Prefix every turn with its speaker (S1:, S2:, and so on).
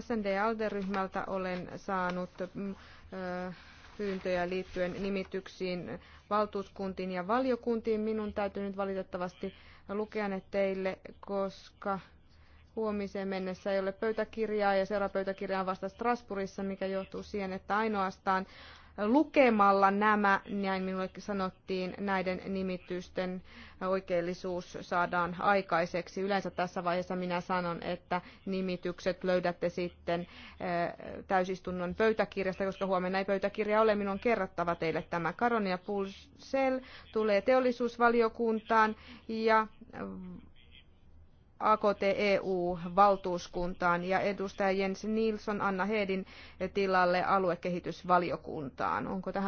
S1: SND-alderyhmältä olen saanut mm, pyyntöjä liittyen nimityksiin valtuuskuntiin ja valiokuntiin. Minun täytyy nyt valitettavasti lukea ne teille, koska huomiseen mennessä ei ole pöytäkirjaa ja seuraava pöytäkirja on vasta Strasbourgissa, mikä johtuu siihen, että ainoastaan lukemalla nämä, näin minulle sanottiin, näiden nimitysten oikeellisuus saadaan aikaiseksi. Yleensä tässä vaiheessa minä sanon, että nimitykset löydätte sitten eh, täysistunnon pöytäkirjasta, koska huomenna ei pöytäkirja ole. Minun on kerrottava teille tämä. Karonia Pulsel tulee teollisuusvaliokuntaan ja AKT-EU-valtuuskuntaan ja edustaja Jens Nilsson Anna Heedin tilalle aluekehitysvaliokuntaan. Onko tähän